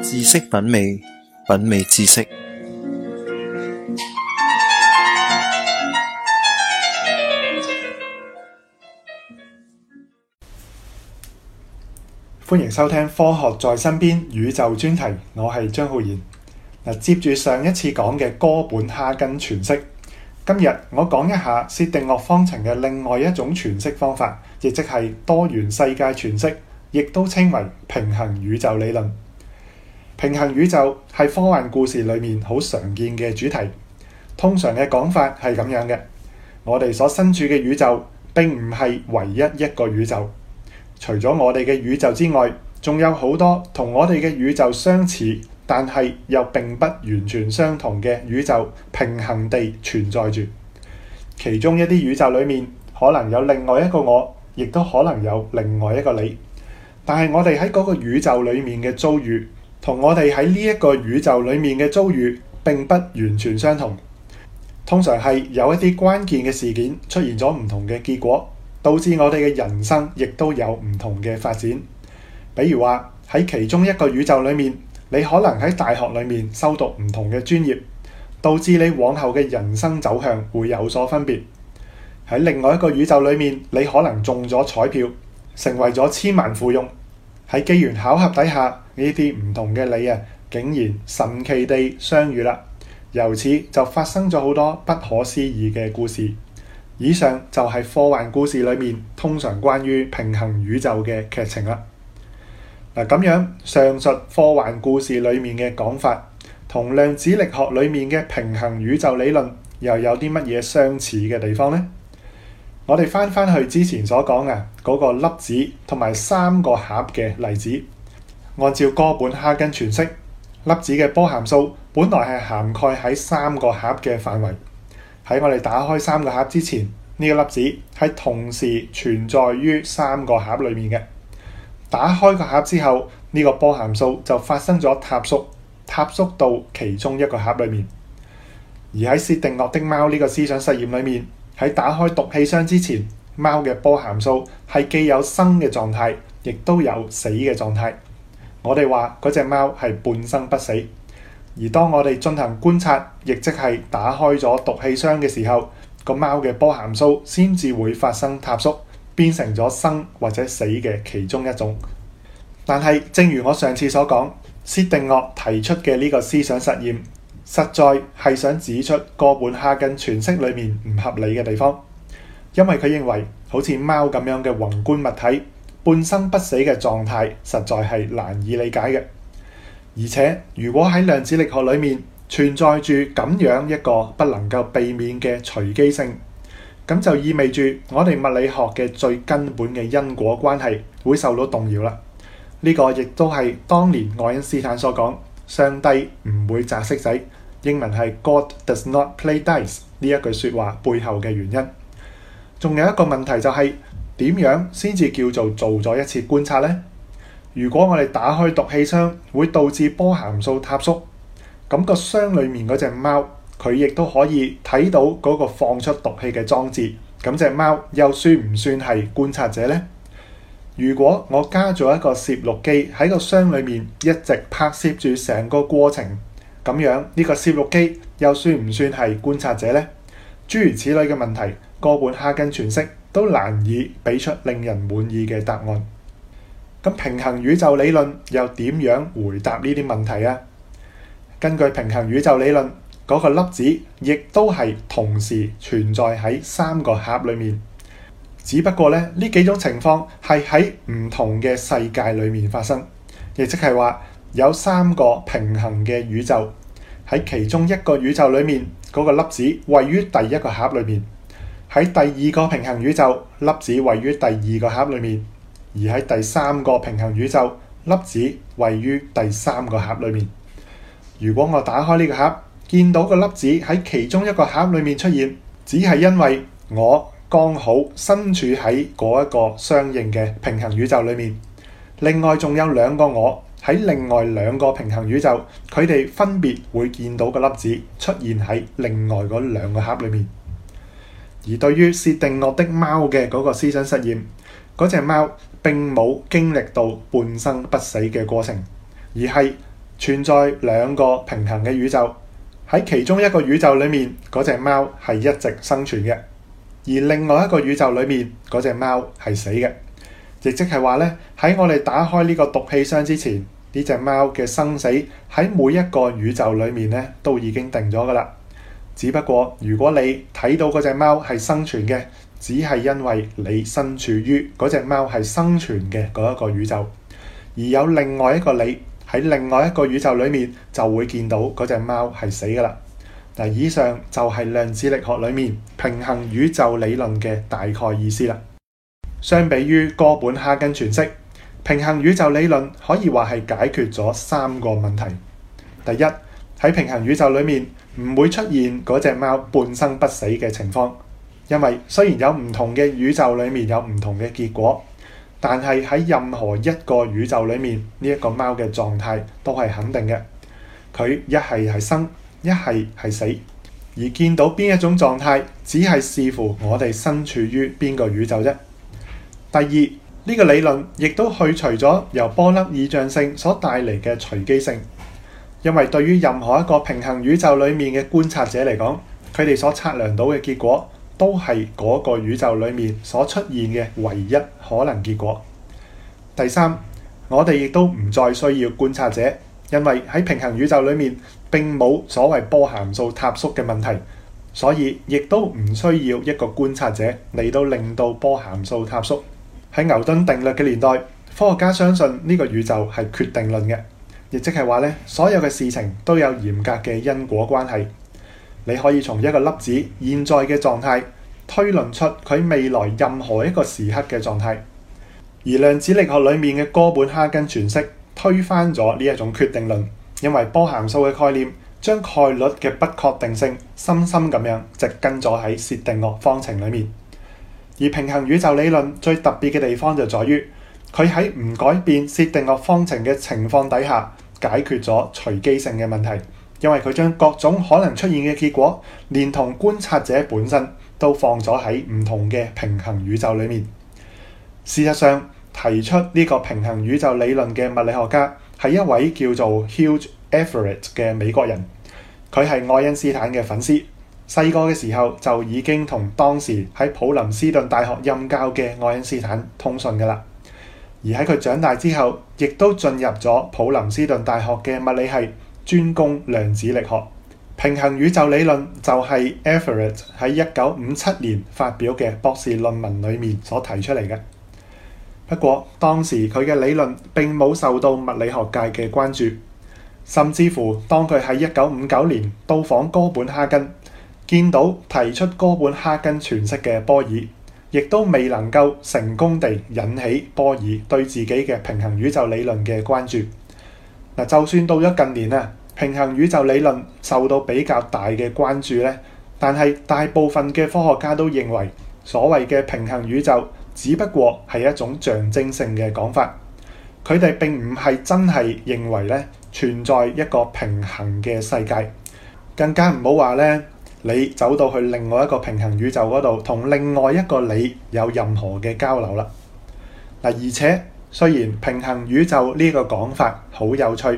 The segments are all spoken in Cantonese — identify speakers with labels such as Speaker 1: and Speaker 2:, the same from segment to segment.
Speaker 1: 知識品味，品味知識。歡迎收聽《科學在身邊》宇宙專題，我係張浩然。嗱，接住上一次講嘅哥本哈根詮釋，今日我講一下薛定諤方程嘅另外一種詮釋方法，亦即係多元世界詮釋。亦都稱為平行宇宙理論。平行宇宙係科幻故事裏面好常見嘅主題。通常嘅講法係咁樣嘅：我哋所身處嘅宇宙並唔係唯一一個宇宙，除咗我哋嘅宇宙之外，仲有好多同我哋嘅宇宙相似，但係又並不完全相同嘅宇宙，平行地存在住。其中一啲宇宙裏面可能有另外一個我，亦都可能有另外一個你。但係我哋喺嗰個宇宙裏面嘅遭遇，同我哋喺呢一個宇宙裏面嘅遭遇，並不完全相同。通常係有一啲關鍵嘅事件出現咗唔同嘅結果，導致我哋嘅人生亦都有唔同嘅發展。比如話喺其中一個宇宙裏面，你可能喺大學裏面修讀唔同嘅專業，導致你往後嘅人生走向會有所分別。喺另外一個宇宙裏面，你可能中咗彩票，成為咗千萬富翁，喺機緣巧合底下，呢啲唔同嘅你啊，竟然神奇地相遇啦！由此就發生咗好多不可思議嘅故事。以上就係科幻故事裏面通常關於平行宇宙嘅劇情啦。嗱，咁樣上述科幻故事裏面嘅講法，同量子力學裏面嘅平行宇宙理論又有啲乜嘢相似嘅地方呢？我哋翻翻去之前所講嘅嗰個粒子同埋三個盒嘅例子，按照哥本哈根詮釋，粒子嘅波函數本來係涵蓋喺三個盒嘅範圍。喺我哋打開三個盒之前，呢個粒子係同時存在於三個盒裏面嘅。打開個盒之後，呢個波函數就發生咗塌縮，塌縮到其中一個盒裏面。而喺薛定諤的貓呢個思想實驗裏面。喺打開毒氣箱之前，貓嘅波函數係既有生嘅狀態，亦都有死嘅狀態。我哋話嗰隻貓係半生不死。而當我哋進行觀察，亦即係打開咗毒氣箱嘅時候，個貓嘅波函數先至會發生塌縮，變成咗生或者死嘅其中一種。但係，正如我上次所講，薛定諤提出嘅呢個思想實驗。實在係想指出哥本哈根詮釋裏面唔合理嘅地方，因為佢認為好似貓咁樣嘅宏觀物體半生不死嘅狀態，實在係難以理解嘅。而且如果喺量子力學裏面存在住咁樣一個不能夠避免嘅隨機性，咁就意味住我哋物理學嘅最根本嘅因果關係會受到動搖啦。呢個亦都係當年愛因斯坦所講。上帝唔會擲骰仔，英文係 God does not play dice 呢一句説話背後嘅原因。仲有一個問題就係、是、點樣先至叫做做咗一次觀察呢？如果我哋打開毒氣槍，會導致波函數塌縮，咁、那個箱裡面嗰隻貓，佢亦都可以睇到嗰個放出毒氣嘅裝置，咁隻貓又算唔算係觀察者呢？如果我加咗一個攝錄機喺個箱裏面，一直拍攝住成個過程，咁樣呢個攝錄機又算唔算係觀察者呢？諸如此類嘅問題，哥本哈根詮釋都難以俾出令人滿意嘅答案。咁平行宇宙理論又點樣回答呢啲問題啊？根據平行宇宙理論，嗰個粒子亦都係同時存在喺三個盒裏面。只不過咧，呢幾種情況係喺唔同嘅世界裏面發生，亦即係話有三個平行嘅宇宙，喺其中一個宇宙裏面，嗰個粒子位於第一個盒裏面；喺第二個平行宇宙，粒子位於第二個盒裏面；而喺第三個平行宇宙，粒子位於第三個盒裏面。如果我打開呢個盒，見到個粒子喺其中一個盒裏面出現，只係因為我。剛好身處喺嗰一個相應嘅平行宇宙裏面。另外仲有兩個我喺另外兩個平行宇宙，佢哋分別會見到個粒子出現喺另外嗰兩個盒裏面。而對於薛定諤的貓嘅嗰個思想實驗，嗰隻貓並冇經歷到半生不死嘅過程，而係存在兩個平行嘅宇宙。喺其中一個宇宙裏面，嗰隻貓係一直生存嘅。而另外一個宇宙裏面嗰隻貓係死嘅，亦即係話咧，喺我哋打開呢個毒氣箱之前，呢隻貓嘅生死喺每一個宇宙裏面咧都已經定咗噶啦。只不過如果你睇到嗰隻貓係生存嘅，只係因為你身處於嗰隻貓係生存嘅嗰一個宇宙，而有另外一個你喺另外一個宇宙裏面就會見到嗰隻貓係死噶啦。嗱，以上就係量子力學裏面平行宇宙理論嘅大概意思啦。相比於哥本哈根詮釋，平行宇宙理論可以話係解決咗三個問題。第一，喺平行宇宙裏面唔會出現嗰隻貓半生不死嘅情況，因為雖然有唔同嘅宇宙裏面有唔同嘅結果，但係喺任何一個宇宙裏面呢一個貓嘅狀態都係肯定嘅，佢一係係生。一係係死，而見到邊一種狀態，只係視乎我哋身處於邊個宇宙啫。第二，呢個理論亦都去除咗由波粒二象性所帶嚟嘅隨機性，因為對於任何一個平行宇宙裏面嘅觀察者嚟講，佢哋所測量到嘅結果都係嗰個宇宙裏面所出現嘅唯一可能結果。第三，我哋亦都唔再需要觀察者。因為喺平行宇宙裏面，並冇所謂波函數塌縮嘅問題，所以亦都唔需要一個觀察者嚟到令到波函數塌縮。喺牛頓定律嘅年代，科學家相信呢個宇宙係決定論嘅，亦即係話咧，所有嘅事情都有嚴格嘅因果關係。你可以從一個粒子現在嘅狀態推論出佢未來任何一個時刻嘅狀態。而量子力學裏面嘅哥本哈根詮釋，推翻咗呢一種決定論，因為波函數嘅概念將概率嘅不確定性深深咁樣植根咗喺薛定諤方程裏面。而平行宇宙理論最特別嘅地方就在於，佢喺唔改變薛定諤方程嘅情況底下，解決咗隨機性嘅問題。因為佢將各種可能出現嘅結果，連同觀察者本身，都放咗喺唔同嘅平行宇宙裏面。事實上，提出呢個平行宇宙理論嘅物理學家係一位叫做 Hugh Everett 嘅美國人，佢係愛因斯坦嘅粉絲，細個嘅時候就已經同當時喺普林斯頓大學任教嘅愛因斯坦通訊噶啦。而喺佢長大之後，亦都進入咗普林斯頓大學嘅物理系，專攻量子力學。平行宇宙理論就係 Everett 喺一九五七年發表嘅博士論文裡面所提出嚟嘅。不過當時佢嘅理論並冇受到物理學界嘅關注，甚至乎當佢喺一九五九年到訪哥本哈根，見到提出哥本哈根詮釋嘅波爾，亦都未能夠成功地引起波爾對自己嘅平行宇宙理論嘅關注。嗱，就算到咗近年啊，平行宇宙理論受到比較大嘅關注咧，但係大部分嘅科學家都認為所謂嘅平行宇宙，只不過係一種象徵性嘅講法，佢哋並唔係真係認為咧存在一個平行嘅世界，更加唔好話咧你走到去另外一個平行宇宙嗰度，同另外一個你有任何嘅交流啦。嗱，而且雖然平行宇宙呢個講法好有趣，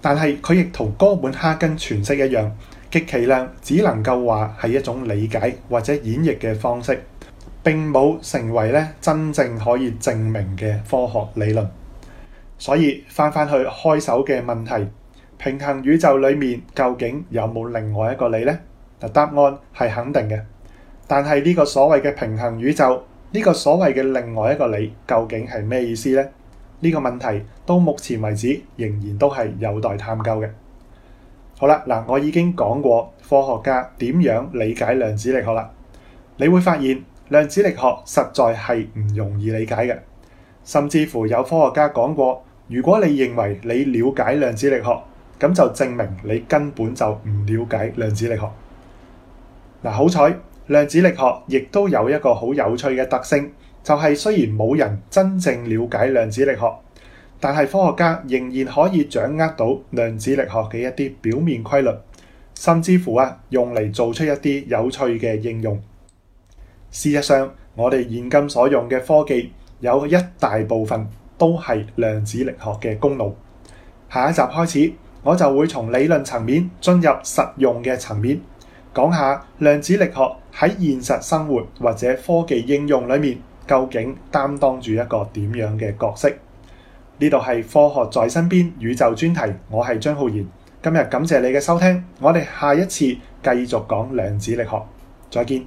Speaker 1: 但係佢亦同哥本哈根詮釋一樣，極其量只能夠話係一種理解或者演繹嘅方式。並冇成為咧真正可以證明嘅科學理論，所以翻翻去開手嘅問題，平行宇宙裏面究竟有冇另外一個你呢？答案係肯定嘅，但係呢個所謂嘅平行宇宙，呢個所謂嘅另外一個你，究竟係咩意思呢？呢個問題到目前為止仍然都係有待探究嘅。好啦，嗱，我已經講過科學家點樣理解量子力學啦，你會發現。量子力學實在係唔容易理解嘅，甚至乎有科學家講過，如果你認為你了解量子力學，咁就證明你根本就唔了解量子力學。嗱，好彩，量子力學亦都有一個好有趣嘅特性，就係雖然冇人真正了解量子力學，但係科學家仍然可以掌握到量子力學嘅一啲表面規律，甚至乎啊，用嚟做出一啲有趣嘅應用。事實上，我哋現今所用嘅科技有一大部分都係量子力學嘅功勞。下一集開始，我就會從理論層面進入實用嘅層面，講下量子力學喺現實生活或者科技應用裏面究竟擔當住一個點樣嘅角色。呢度係科學在身邊宇宙專題，我係張浩然。今日感謝你嘅收聽，我哋下一次繼續講量子力學，再見。